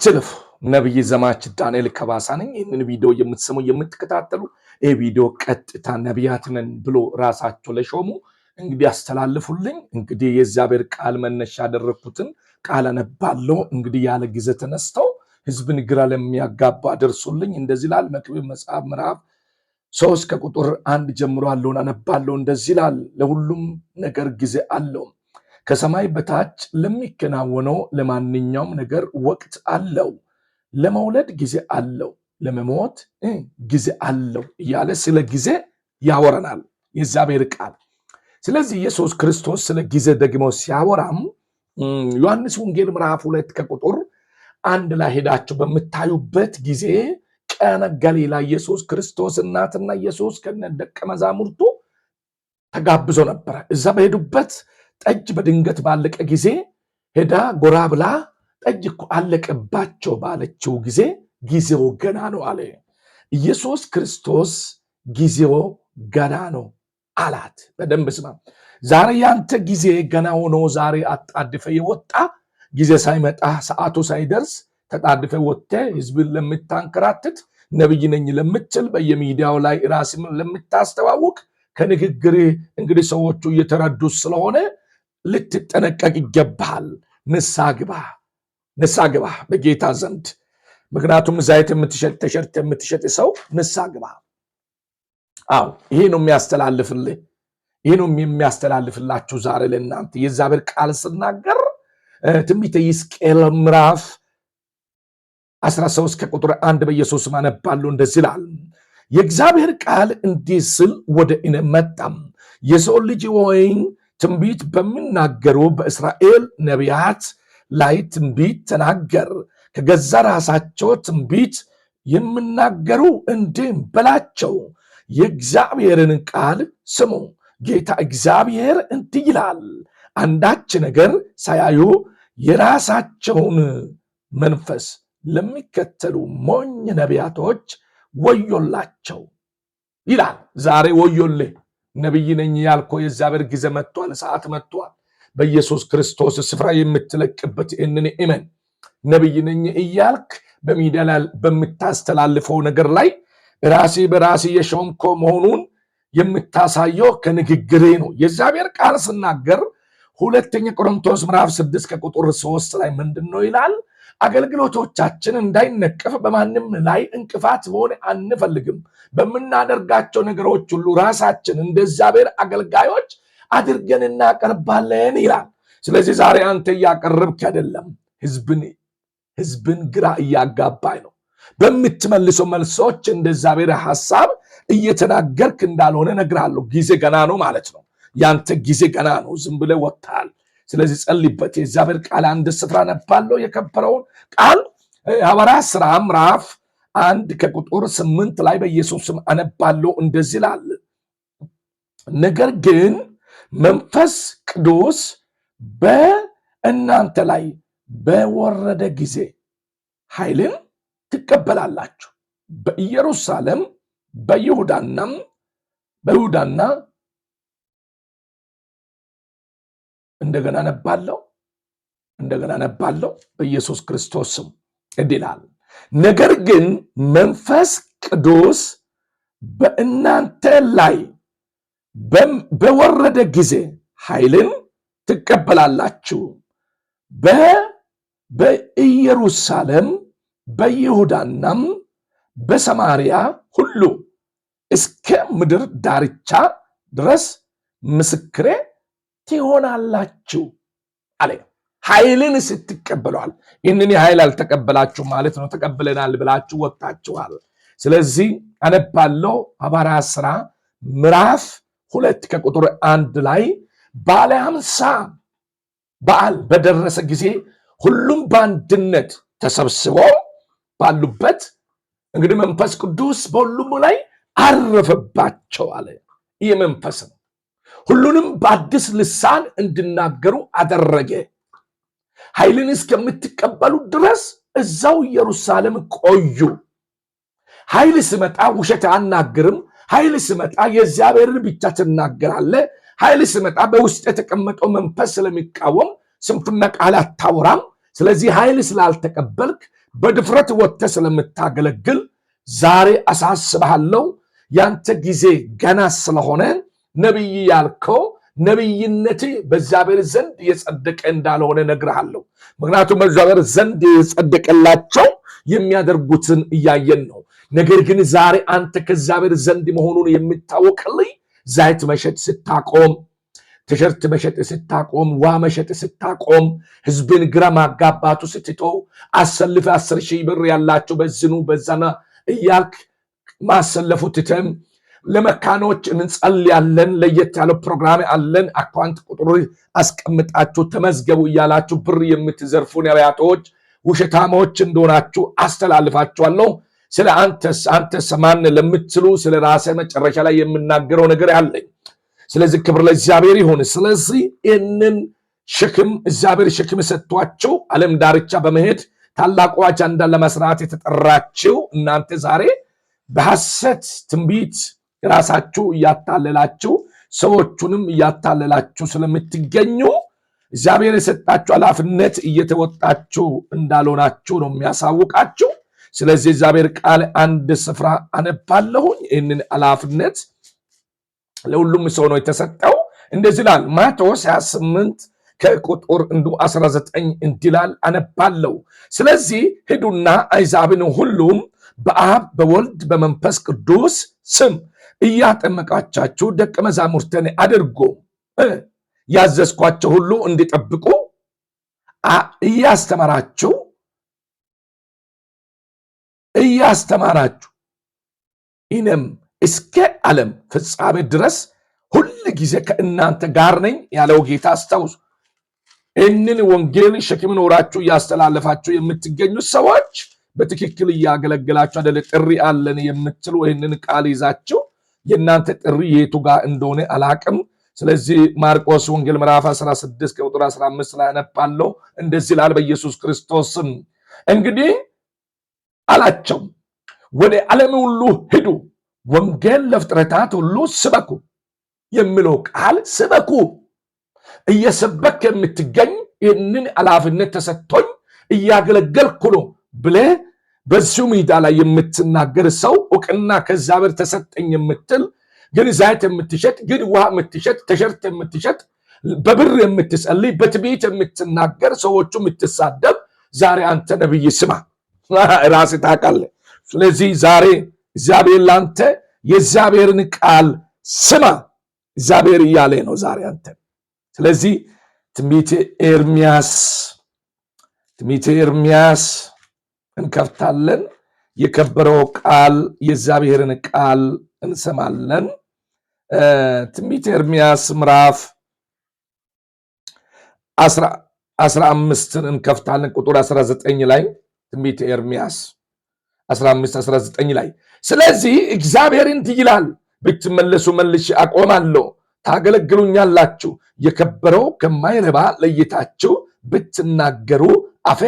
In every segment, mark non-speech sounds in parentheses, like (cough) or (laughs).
አትልፍ። ነቢይ ዘማች ዳንኤል ከባሳ ነኝ። ይህንን ቪዲዮ የምትሰሙ የምትከታተሉ ይህ ቪዲዮ ቀጥታ ነቢያት ነን ብሎ ራሳቸው ለሾሙ እንግዲህ አስተላልፉልኝ እንግዲህ የእግዚአብሔር ቃል መነሻ ያደረግኩትን ቃል አነባለሁ። እንግዲህ ያለ ጊዜ ተነስተው ህዝብን ግራ ለሚያጋባ ደርሱልኝ። እንደዚህ ላል መክብብ መጽሐፍ ምዕራፍ ሶስት ከቁጥር አንድ ጀምሮ ያለውን አነባለሁ። እንደዚህ ላል ለሁሉም ነገር ጊዜ አለውም ከሰማይ በታች ለሚከናወነው ለማንኛውም ነገር ወቅት አለው። ለመውለድ ጊዜ አለው፣ ለመሞት ጊዜ አለው እያለ ስለ ጊዜ ያወረናል የእግዚአብሔር ቃል። ስለዚህ ኢየሱስ ክርስቶስ ስለ ጊዜ ደግሞ ሲያወራም ዮሐንስ ወንጌል ምዕራፍ ሁለት ከቁጥር አንድ ላይ ሄዳቸው በምታዩበት ጊዜ ቀነ ገሊላ ኢየሱስ ክርስቶስ እናትና ኢየሱስ ከነ ደቀ መዛሙርቱ ተጋብዞ ነበረ እዛ በሄዱበት ጠጅ በድንገት ባለቀ ጊዜ ሄዳ ጎራ ብላ ጠጅ እኮ አለቀባቸው ባለችው ጊዜ ጊዜው ገና ነው አለ ኢየሱስ ክርስቶስ። ጊዜው ገና ነው አላት። በደንብ ስማ። ዛሬ ያንተ ጊዜ ገና ሆኖ ዛሬ አጣድፈ የወጣ ጊዜ ሳይመጣ ሰዓቱ ሳይደርስ ተጣድፈ ወጥተ ህዝብን ለምታንከራትት ነብይ ነኝ ለምትል በየሚዲያው ላይ ራስን ለምታስተዋውቅ ከንግግር እንግዲህ ሰዎቹ እየተረዱ ስለሆነ ልትጠነቀቅ ይገባል። ንስሐ ግባ፣ ንስሐ ግባ በጌታ ዘንድ። ምክንያቱም ዘይት የምትሸጥ ተሸርት የምትሸጥ ሰው ንሳ ግባ። አዎ ይሄ ነው የሚያስተላልፍልህ፣ ይሄ ነው የሚያስተላልፍላችሁ ዛሬ ለእናንተ የእግዚአብሔር ቃል ስናገር ትንቢተ ሕዝቅኤል ምዕራፍ 13 ከቁጥር አንድ በኢየሱስ ማነባለሁ እንደዚህ ይላል። የእግዚአብሔር ቃል እንዲህ ስል ወደ እኔ መጣም የሰው ልጅ ወይን ትንቢት በሚናገሩ በእስራኤል ነቢያት ላይ ትንቢት ተናገር። ከገዛ ራሳቸው ትንቢት የሚናገሩ እንዲህም በላቸው፣ የእግዚአብሔርን ቃል ስሙ። ጌታ እግዚአብሔር እንዲህ ይላል፣ አንዳች ነገር ሳያዩ የራሳቸውን መንፈስ ለሚከተሉ ሞኝ ነቢያቶች ወዮላቸው ይላል። ዛሬ ወዮልህ ነቢይ ነኝ ያልከው የእግዚአብሔር ጊዜ መጥቷል፣ ሰዓት መጥቷል። በኢየሱስ ክርስቶስ ስፍራ የምትለቅበት ይህንን እመን። ነቢይ ነኝ እያልክ በሚዲያ ላይ በምታስተላልፈው ነገር ላይ ራሴ በራሴ የሾምኮ መሆኑን የምታሳየው ከንግግሬ ነው። የእግዚአብሔር ቃል ስናገር ሁለተኛ ቆሮንቶስ ምዕራፍ ስድስት ከቁጥር ሶስት ላይ ምንድን ነው ይላል? አገልግሎቶቻችን እንዳይነቀፍ በማንም ላይ እንቅፋት መሆን አንፈልግም። በምናደርጋቸው ነገሮች ሁሉ ራሳችን እንደ እግዚአብሔር አገልጋዮች አድርገን እናቀርባለን ይላል። ስለዚህ ዛሬ አንተ እያቀረብክ አይደለም፣ ህዝብን ህዝብን ግራ እያጋባይ ነው። በምትመልሰው መልሶች እንደ እግዚአብሔር ሀሳብ እየተናገርክ እንዳልሆነ እነግርሃለሁ። ጊዜ ገና ነው ማለት ነው። ያንተ ጊዜ ገና ነው። ዝም ብለህ ወጥተሃል። ስለዚህ ጸልይበት። የእግዚአብሔር ቃል አንድ ስፍራ ነባለው የከበረውን ቃል ሐዋርያት ስራ ምዕራፍ አንድ ከቁጥር ስምንት ላይ በኢየሱስ ስም አነባለው እንደዚህ ይላል። ነገር ግን መንፈስ ቅዱስ በእናንተ ላይ በወረደ ጊዜ ኃይልን ትቀበላላችሁ። በኢየሩሳሌም በይሁዳናም በይሁዳና እንደገና ነባለው እንደገና ነባለው በኢየሱስ ክርስቶስ ስም ነገር ግን መንፈስ ቅዱስ በእናንተ ላይ በወረደ ጊዜ ኃይልን ትቀበላላችሁ። በኢየሩሳሌም በይሁዳናም በሰማርያ ሁሉ እስከ ምድር ዳርቻ ድረስ ምስክሬ ትሆናላችሁ አለ። ኃይልን ስትቀበሏል። ይህንን የኃይል አልተቀበላችሁ ማለት ነው። ተቀብለናል ብላችሁ ወጥታችኋል። ስለዚህ አነባለው አባራ ስራ ምዕራፍ ሁለት ከቁጥር አንድ ላይ ባለ ሀምሳ በዓል በደረሰ ጊዜ ሁሉም በአንድነት ተሰብስቦ ባሉበት እንግዲህ መንፈስ ቅዱስ በሁሉም ላይ አረፈባቸው አለ። ይህ መንፈስ ነው ሁሉንም በአዲስ ልሳን እንዲናገሩ አደረገ። ኃይልን እስከምትቀበሉ ድረስ እዛው ኢየሩሳሌም ቆዩ። ኃይል ስመጣ ውሸት አናግርም። ኃይል ስመጣ የእግዚአብሔርን ብቻ ትናገራለ። ኃይል ስመጣ በውስጥ የተቀመጠው መንፈስ ስለሚቃወም ስንፍና ቃል አታወራም። ስለዚህ ኃይል ስላልተቀበልክ በድፍረት ወጥተ ስለምታገለግል ዛሬ አሳስበሃለው። ያንተ ጊዜ ገና ስለሆነ ነቢይ ያልከው ነቢይነት በእግዚአብሔር ዘንድ የጸደቀ እንዳልሆነ ነግርሃለሁ። ምክንያቱም በእግዚአብሔር ዘንድ የጸደቀላቸው የሚያደርጉትን እያየን ነው። ነገር ግን ዛሬ አንተ ከእግዚአብሔር ዘንድ መሆኑን የሚታወቅልኝ ዛይት መሸጥ ስታቆም፣ ቲሸርት መሸጥ ስታቆም፣ ዋ መሸጥ ስታቆም፣ ህዝብን ግራ ማጋባቱ ስትቶ፣ አሰልፈ አስር ሺህ ብር ያላቸው በዝኑ በዛና እያልክ ማሰለፉ ትተም ለመካኖች እንጸልያለን። ለየት ያለው ፕሮግራም አለን። አካውንት ቁጥሩ አስቀምጣችሁ ተመዝገቡ እያላችሁ ብር የምትዘርፉ ነቢያቶች ውሸታሞች እንደሆናችሁ አስተላልፋችኋለሁ። ስለ አንተስ አንተስ ማን ለምትሉ ስለ ራሴ መጨረሻ ላይ የምናገረው ነገር ያለኝ። ስለዚህ ክብር ለእግዚአብሔር ይሁን። ስለዚህ ይህንን ሸክም እግዚአብሔር ሸክም ሰጥቷቸው ዓለም ዳርቻ በመሄድ ታላቁ አጀንዳ ለመስራት የተጠራችው እናንተ ዛሬ በሐሰት ትንቢት ራሳችሁ እያታለላችሁ ሰዎቹንም እያታለላችሁ ስለምትገኙ እግዚአብሔር የሰጣችሁ ኃላፊነት እየተወጣችሁ እንዳልሆናችሁ ነው የሚያሳውቃችሁ። ስለዚህ እግዚአብሔር ቃል አንድ ስፍራ አነባለሁኝ። ይህንን ኃላፊነት ለሁሉም ሰው ነው የተሰጠው። እንደዚህ ይላል ማቴዎስ 28 ከቁጥር እንዱ 19 እንዲላል አነባለሁ። ስለዚህ ሂዱና አሕዛብን ሁሉም በአብ በወልድ በመንፈስ ቅዱስ ስም እያጠመቃቻችሁ ደቀ መዛሙርተን አድርጎ ያዘዝኳቸው ሁሉ እንዲጠብቁ እያስተማራችሁ እያስተማራችሁ እኔም እስከ ዓለም ፍጻሜ ድረስ ሁል ጊዜ ከእናንተ ጋር ነኝ ያለው ጌታ አስታውሱ። ይህንን ወንጌል ሸክም ኖራችሁ እያስተላለፋችሁ የምትገኙ ሰዎች በትክክል እያገለገላችሁ አደለ? ጥሪ አለን የምትሉ ይህንን ቃል ይዛችሁ የእናንተ ጥሪ የቱ ጋር እንደሆነ አላቅም። ስለዚህ ማርቆስ ወንጌል ምዕራፍ 16 ከቁጥር 15 ላይ አነባለሁ። እንደዚህ ላል በኢየሱስ ክርስቶስም እንግዲህ አላቸው ወደ ዓለም ሁሉ ሂዱ፣ ወንጌል ለፍጥረታት ሁሉ ስበኩ የሚለው ቃል ስበኩ። እየሰበክ የምትገኝ ይህንን ኃላፊነት ተሰጥቶኝ እያገለገልኩ ነው ብለህ በዚሁ ሜዳ ላይ የምትናገር ሰው እውቅና ከዛ በር ተሰጠኝ የምትል ግን ዛይት የምትሸጥ ግን ውሃ የምትሸጥ ተሸርት የምትሸጥ በብር የምትጸልይ በትቤት የምትናገር ሰዎቹ የምትሳደብ ዛሬ አንተ ነብይ ስማ (laughs) ራስህ ታውቃለህ። ስለዚህ ዛሬ እግዚአብሔር ለአንተ የእግዚአብሔርን ቃል ስማ እግዚአብሔር እያለ ነው ዛሬ አንተ። ስለዚህ ትንቢተ ኤርሚያስ ትንቢተ ኤርሚያስ እንከፍታለን። የከበረው ቃል የእግዚአብሔርን ቃል እንሰማለን። ትንቢተ ኤርምያስ ምዕራፍ አስራ አምስትን እንከፍታለን። ቁጥር 19 ላይ ትንቢተ ኤርምያስ 15 19 ላይ ስለዚህ እግዚአብሔር እንዲህ ይላል ብትመለሱ መልሼ አቆማለሁ ታገለግሉኛላችሁ የከበረው ከማይረባ ለይታችሁ ብትናገሩ አፌ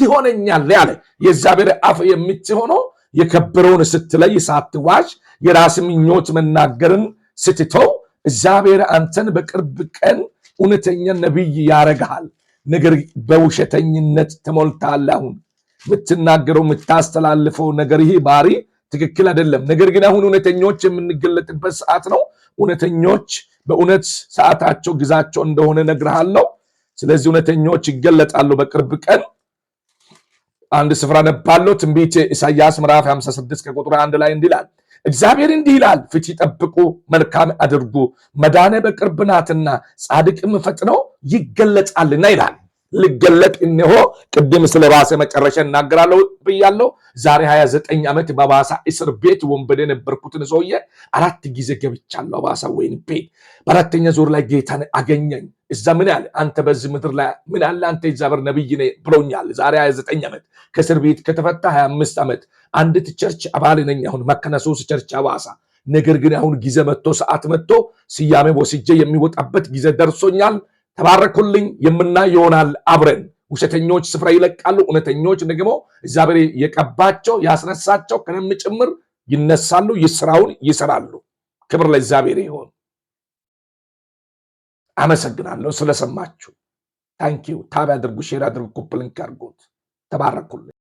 ትሆነኛለህ ያለ የእግዚአብሔር አፍ የምትሆነው የከበረውን ስትለይ ሳትዋሽ፣ የራስ ምኞት መናገርን ስትተው እግዚአብሔር አንተን በቅርብ ቀን እውነተኛ ነቢይ ያረግሃል። ነገር በውሸተኝነት ተሞልታለህ። አሁን የምትናገረው የምታስተላልፈው ነገር ይህ ባህሪ ትክክል አይደለም። ነገር ግን አሁን እውነተኞች የምንገለጥበት ሰዓት ነው። እውነተኞች በእውነት ሰዓታቸው ግዛቸው እንደሆነ ነግርሃለሁ። ስለዚህ እውነተኞች ይገለጣሉ በቅርብ ቀን። አንድ ስፍራ ነባለው ትንቢት ኢሳያስ ምዕራፍ 56 ከቁጥር አንድ ላይ እንዲህ ይላል፣ እግዚአብሔር እንዲህ ይላል፣ ፍቺ ጠብቁ፣ መልካም አድርጉ፣ መዳኔ በቅርብ ናትና ጻድቅም ፈጥነው ይገለጻልና ይላል። ልገለጥ እንሆ ቅድም ስለ ባሰ መጨረሻ እናገራለሁ ብያለሁ። ዛሬ 29 ዓመት በባሳ እስር ቤት ወንበዴ የነበርኩትን ሰውዬ አራት ጊዜ ገብቻለሁ። ባሳ ወይን ቤት በአራተኛ ዙር ላይ ጌታን አገኘኝ። እዛ ምን ያለ አንተ በዚህ ምድር ላይ ምን ያለ አንተ እግዚአብሔር ነብይ ነህ ብሎኛል። ዛሬ 29 ዓመት ከእስር ቤት ከተፈታ 25 ዓመት አንዲት ቸርች አባል ነኝ። አሁን መከነሶስ ቸርች አዋሳ ነገር ግን አሁን ጊዜ መጥቶ ሰዓት መጥቶ ስያሜ ወስጄ የሚወጣበት ጊዜ ደርሶኛል። ተባረኩልኝ። የምናይ ይሆናል አብረን። ውሸተኞች ስፍራ ይለቃሉ፣ እውነተኞች ደግሞ እግዚአብሔር የቀባቸው ያስነሳቸው ከነም ጭምር ይነሳሉ፣ ይስራውን ይሰራሉ። ክብር ለእግዚአብሔር ይሆን። አመሰግናለሁ ስለሰማችሁ። ታንኪዩ ታቢ አድርጉ፣ ሼር አድርጉ፣ ኩፕልንክ አርጎት ተባረኩልን።